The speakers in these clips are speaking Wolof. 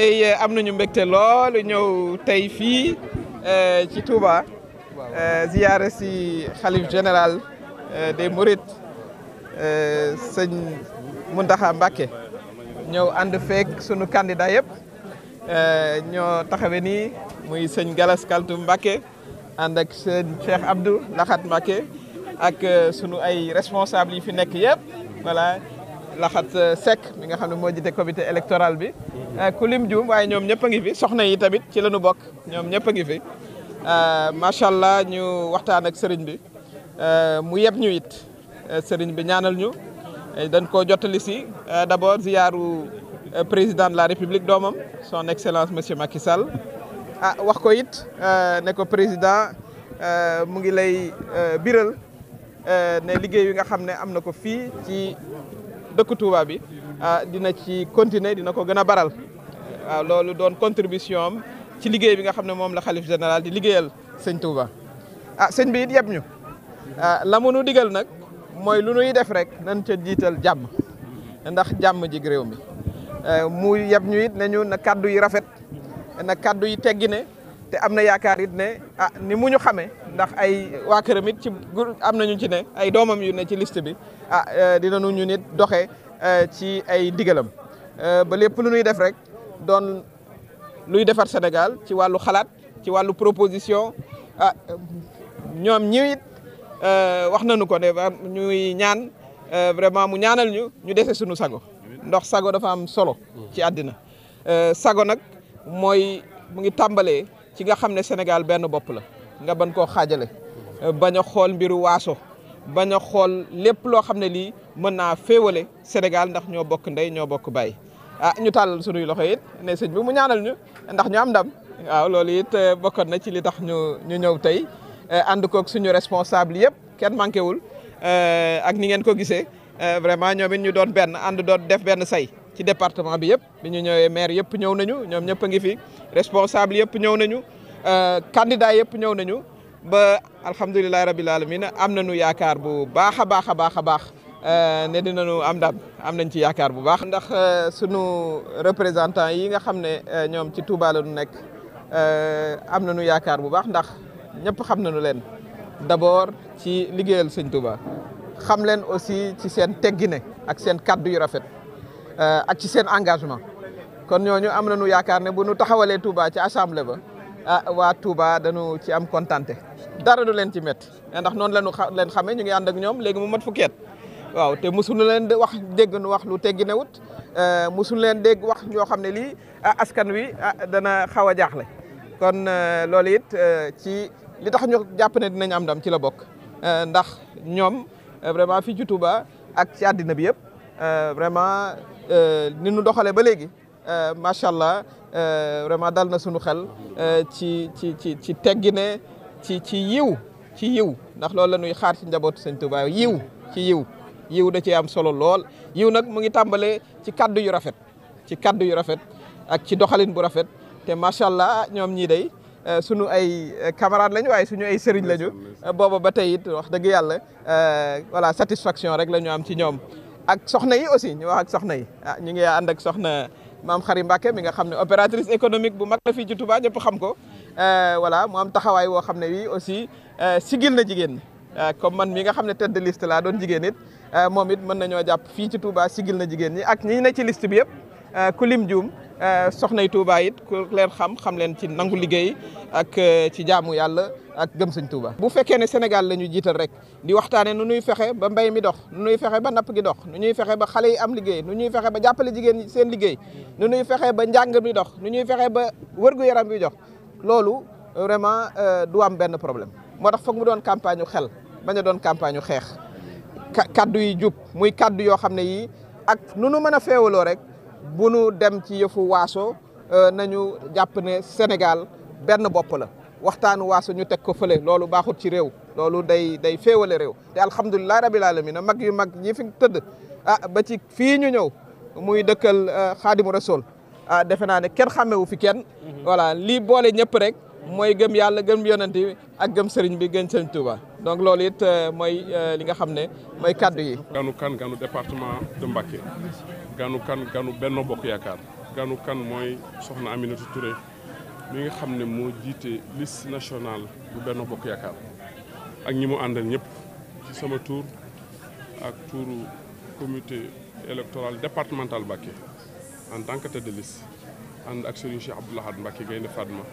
day eh, am nañu mbégte lool ñëw tey fii eh, ci Touba eh, ziyaare si xalif général des Mourides sëñ Mountakha Mbacké ñëw ànd feek sunu kandida yëpp ñoo taxawe nii muy sëñ Galas Kaltum Mbacké ànd ak sëñ Cheikh Abdou Lahat Mbacké ak sunu ay responsable yi fi nekk yëpp voilà Laxat euh, Seck mi nga xam ne moo jiite comité électoral bi euh, ku lim juum waaye ñoom ñëpp a ngi fi soxna yi tamit ci la ñu bokk ñoom ñëpp a ngi fi euh, macha allah ñu waxtaan ak sëriñ bi mu yeb ñu it sëriñ bi ñaanal ñu dañ koo jottali si d'abord ziyaaru président de la république doomam son excellence monsieur Macky Sall ah wax ko it ne ko président mu ngi lay biral ne liggéey yi nga xam ne am na ko fii ci dëkku Touba bi ah, dina ci continuer dina ko gën a baral waaw ah, loolu doon contribution ci liggéey bi nga xam ne moom la xalif général di liggéeyal sëñ Touba a ah, sëñ bi it yeb ñu la mu nu digal nag mooy lu nuy def rek nañ ca jiital jàmm ndax jàmm ji réew mi eh, mu yeb ñu it nañu na kaddu yi rafet na kaddu yi teggine te am na yaakaar it ne ah ni mu ñu xamee ndax ay waa këram it ci am na ñu ci ne ay doomam yu ne ci liste bi ah eh, dinañu ñu nit doxee eh, ci ay ndigalam eh, ba lépp lu ñuy def rek doon luy defar Sénégal ci wàllu xalaat ci wàllu proposition a ah, ñoom ñi it wax nañu ko ne ñuy ñaan vraiment mu ñaanal ñu ñu dese suñu sago ndox sago dafa am solo ci àddina sago nag mooy mu ngi tàmbalee ci nga xam ne Sénégal benn bopp la nga ban koo xaajale bañ a xool mbiru waaso bañ xool lépp loo xam ne lii mën naa féewale Sénégal ndax ñoo bokk ndey ñoo bokk baay ah ñu tàllal sunuy loxo it ne sëñ bi mu ñaanal ñu ndax ñu am ndam waaw loolu it eh, bokkoon na ci li tax ñu ñu ñëw tey eh, ànd koog suñu responsable yëpp kenn manqué wul eh, ak ni ngeen ko gisee vraiment ñoom it ñu doon benn ànd doon def benn say ci département bi yëpp bi ñu maire yëpp ñëw nañu ñoom ñëpp a ngi fi responsable yëpp ñëw nañu euh, candidat yëpp ñëw nañu ba alhamdulilah rabil alamin am nañu yaakaar bu baax a baax a baax a baax euh, ne dinañu am ndam am nañ ci yaakaar bu baax. ndax euh, sunu représentant yi nga xam ne ñoom ci Touba la ñu nekk am nañu yaakaar bu baax ndax ñëpp xam nañu leen d'abord ci liggéeyal sëñ Touba xam leen aussi ci seen teggine ak seen kaddu yu rafet. ak ci seen engagement kon ñooñu am na nañu yaakaar ne bu nu taxawalee Touba ci assemblée ba ah waa Touba dañu ci am kontante dara du leen ci métti ndax noonu la ñu leen xamee ñu ngi ànd ak ñoom léegi mu mat fukki at waaw te mosuñu leen di wax dégg nu wax lu teggi ne wut euh, mosuñu leen dégg wax ñoo xam ne lii ah, askan wi ah, dana xaw a jaaxle kon euh, loolu it euh, ci li tax ñu jàpp ne dinañ am ndam ci la bokk ndax ñoom vraiment fii ci Touba ak ci àddina bi yëpp. Euh, vraiment euh, ni nu doxalee ba léegi euh, macha allah vraiment dal na sunu xel ci ci ci ci teggine ci ci yiw ci yiw ndax loolu la ñuy xaar ci njabootu Sëñ Tuubaa yiw ci yiw yiw da ci am solo lool yiw nag mu ngi tàmbalee ci kaddu yu rafet ci kaddu yu rafet ak ci doxalin bu rafet te macha allah ñoom ñii day sunu ay camarades lañu waaye suñu ay sëriñ lañu booba ba tey it wax dëgg yàlla voilà satisfaction rek la ñu am ci ñoom ak soxna yi aussi ñu wax ak soxna yi ah ñu ngi ànd ak soxna maam Xari Mbacke mi nga xam ne opératrice économique bu mag la fii ci Touba ñëpp xam ko euh, voilà moom taxawaay woo xam ne wi aussi euh, sigil na jigéen ñi euh, comme man mi nga xam ne tête de liste laa doon jigéen moom it mën nañoo jàpp fii ci tuba sigil na jigéen ñi ak ñi na ci list bi yëpp ku lim juum Euh, soxnay Touba it ku leen xam xam leen ci nangu liggéey ak euh, ci jaamu yàlla ak gëm sëñ Touba. bu fekkee ne Sénégal la ñu jiital rek di waxtaanee nu nuy fexe ba mbéy mi dox nu ñuy fexe ba napp gi dox nu ñuy fexe ba xale yi am liggéey nu ñuy fexe ba jàppale jigéen ñi seen liggéey nu ñuy fexe ba njàng mi dox nu ñuy fexe ba wërgu yaram wi dox loolu vraiment euh, du am benn problème moo tax foog mu doon campagne xel bañ doon campagne xeex. kaddu yi jub muy kaddu yoo xam ne yii ak nu nu mën a feewaloo rek. bu nu dem ci yëfu waaso euh, nañu jàpp ne Sénégal benn bopp la waxtaanu waaso ñu teg ko fële loolu baaxut ci réew loolu day day féewale réew te alhamdulilah rabil alamin mag yu mag ñi fi tëdd ah ba ci fii ñu ñëw muy dëkkal euh, xaadimu rasul ah defe naa ne kenn xàmmewu fi kenn mhm. voilà lii boole ñëpp rek mooy gëm yàlla gëm yonent bi ak gëm sëriñ bi gën sëriñ Touba donc loolu it euh, mooy li nga xam ne mooy kaddu yi ganu kan ganu département de Mbacké ganu kan ganu benn Bokk Yaakaar ganu kan mooy soxna Aminata Touré mi nga xam ne moo jiite liste nationale bu benn Bokk Yaakaar ak ñi mu àndal ñëpp ci sama tour ak tuuru comité électoral départemental Mbacké en tant que tête de liste ànd ak Serigne Cheikh Abdou Lahad Mbacké Gaynde Fatma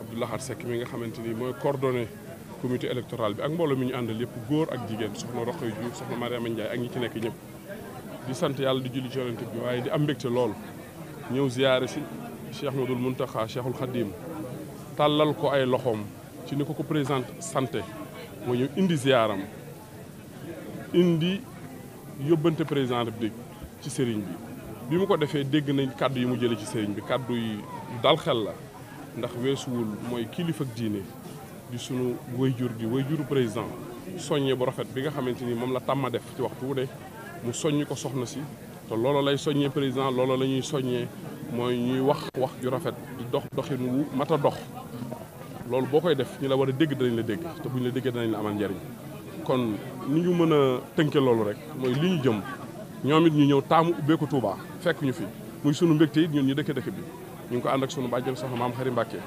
Abdou Lahad Seck mi nga xamante ni mooy coordonné comité électoral bi ak mbooloo mi ñu àndal yëpp góor ak jigéen soxna Rokhaya Diouf soxna Mariama Ndiaye ak ñi ci nekk ñëpp di sant yàlla di julli ci bi waaye di am mbégte lool ñëw ziyaare si Cheikh Madul Muntaxa Cheikhul Khadim tàllal ko ay loxoom ci ni ko ko président sante moo ñëw indi ziyaaram indi yóbbante président bi ci sëriñ bi bi mu ko defee dégg nañ kàddu yi mu jëlee ci sëriñ bi kàddu yi dal xel la ndax weesuwul mooy kilifa diine di sunu wayjur di wayjuru président soññee bu rafet bi nga xamante ni moom la tàmma def ci waxtu wu mu soññ ko soxna si te looloo lay soññee président loolu la ñuy soññee mooy ñuy wax wax ju rafet di dox doxin wu mat a dox loolu boo koy def ñu la war a dégg danañ la dégg te bu ñu la déggee danañ la amal njariñ kon ni ñu mën a tënke loolu rek mooy li ñu jëm ñoom it ñu ñëw taamu ubbeeku Touba fekk ñu fi muy sunu mbégte it ñun ñu dëkk dëkk bi ñu ngi ko ànd ak sunu bàjjen soxna maam Xari Mbàkke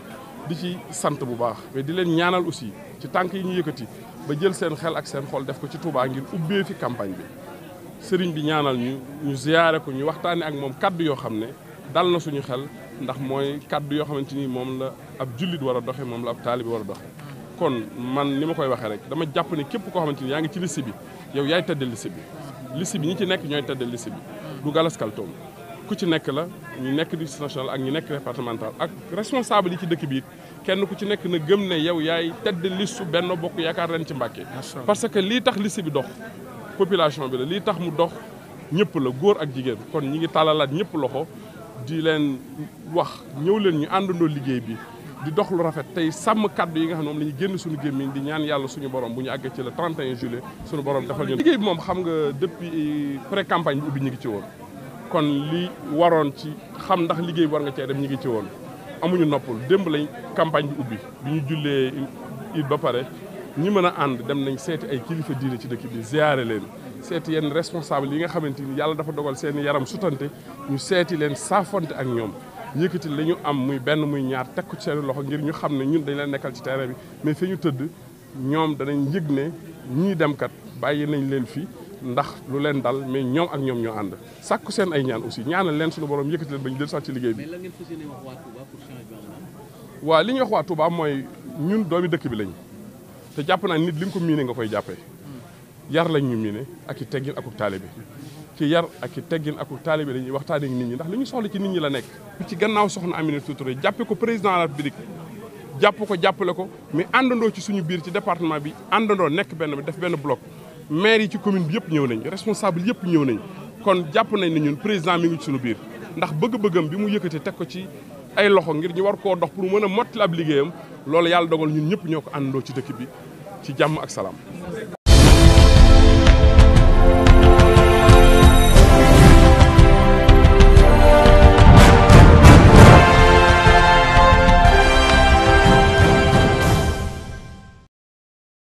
di ci sant bu baax mais di leen ñaanal aussi ci tànk yi ñu yëkkati ba jël seen xel ak seen xol def ko ci Touba ngir ubbee fi campagne bi sëriñ bi ñaanal ñu ñu ziyaare ko ñu waxtaane ak moom kàddu yoo xam ne dal na suñu xel ndax mooy kàddu yoo xamante ni moom la ab jullit war a doxe moom la ab taalibi war a doxe kon man ni ma koy waxee rek dama jàpp ni képp koo xamante ni yaa ngi ci liste bi yow yaay tëdde liste bi liste bi ñi ci nekk ñooy tëdde liste bi du Galas Kaltoum ku ci nekk la ñu nekk di liste nationale ak ñu nekk départemental ak responsable yi ci dëkk bi kenn ku ci nekk na gëm ne yow yaay tëdd listu Benno Bokk Yaakaar ren ci Mbàkke parce que lii tax liste bi dox population bi la lii tax mu dox ñëpp la góor ak jigéen kon ñi ngi tàllalaat ñëpp loxo di leen wax ñëw leen ñu àndandoo liggéey bi di dox lu rafet tey sàmm kàddu yi nga xam ne moom la ñu génn suñu gémmiñ di ñaan yàlla suñu borom bu ñu àggee ci la 31 juillet suñu borom defal ñu liggéey bi moom xam nga depuis pré campagne bi ubbi ñu ngi ci woon kon li waroon ci xam ndax liggéey war nga cee dem ñu ngi ci woon amuñu noppul démb lañ campagne bi bi ñu jullee it ba pare ñi mën a ànd dem nañ seeti ay kilifa diine ci dëkk bi ziare leen seeti yenn responsable yi nga xamante ni yàlla dafa dogal seeni yaram sutante ñu seeti leen saafonte ak ñoom yëkkati la ñu am muy benn muy ñaar teg ci seen loxo ngir ñu xam ne ñun dañ leen nekkal ci terrain bi mais fi ñu tëdd ñoom danañ yëg ne ñii dem kat bàyyi nañ leen fi ndax lu leen dal mais ñoom ak ñoom ñoo ànd sakk seen ay ñaan aussi ñaanal leen suñu borom yëkkati leen ba ñu del sax ci liggéey bi waaw li ñuy wax waa Touba mooy ñun doomi dëkk bi lañ te jàpp naa nit li nga ko miine nga koy jàppee yar lañ ñu miine ak i teggin akuk taalibe ci yar ak i teggin akuk taalibe dañuy waxtaanee ak nit ñi ndax li ñu soxla ci nit ñi la nekk. ci gannaaw soxna Aminata Touré jàppe ko président de la République jàpp ko jàppale ko mais àndandoo ci suñu biir ci département bi àndandoo nekk benn bi def benn bloc maire ci commune bi yëpp ñëw nañ responsable yëpp ñëw nañ kon jàpp nañ ne ñun président mi ngi ci suñu biir ndax bëgg-bëggam bi mu yëkkati teg ko ci ay loxo ngir ñu war koo dox pour mën a mottali ab liggéeyam loolu yàlla dogal ñun ñëpp ñoo ko àndandoo ci dëkk bi ci jàmm ak salaam.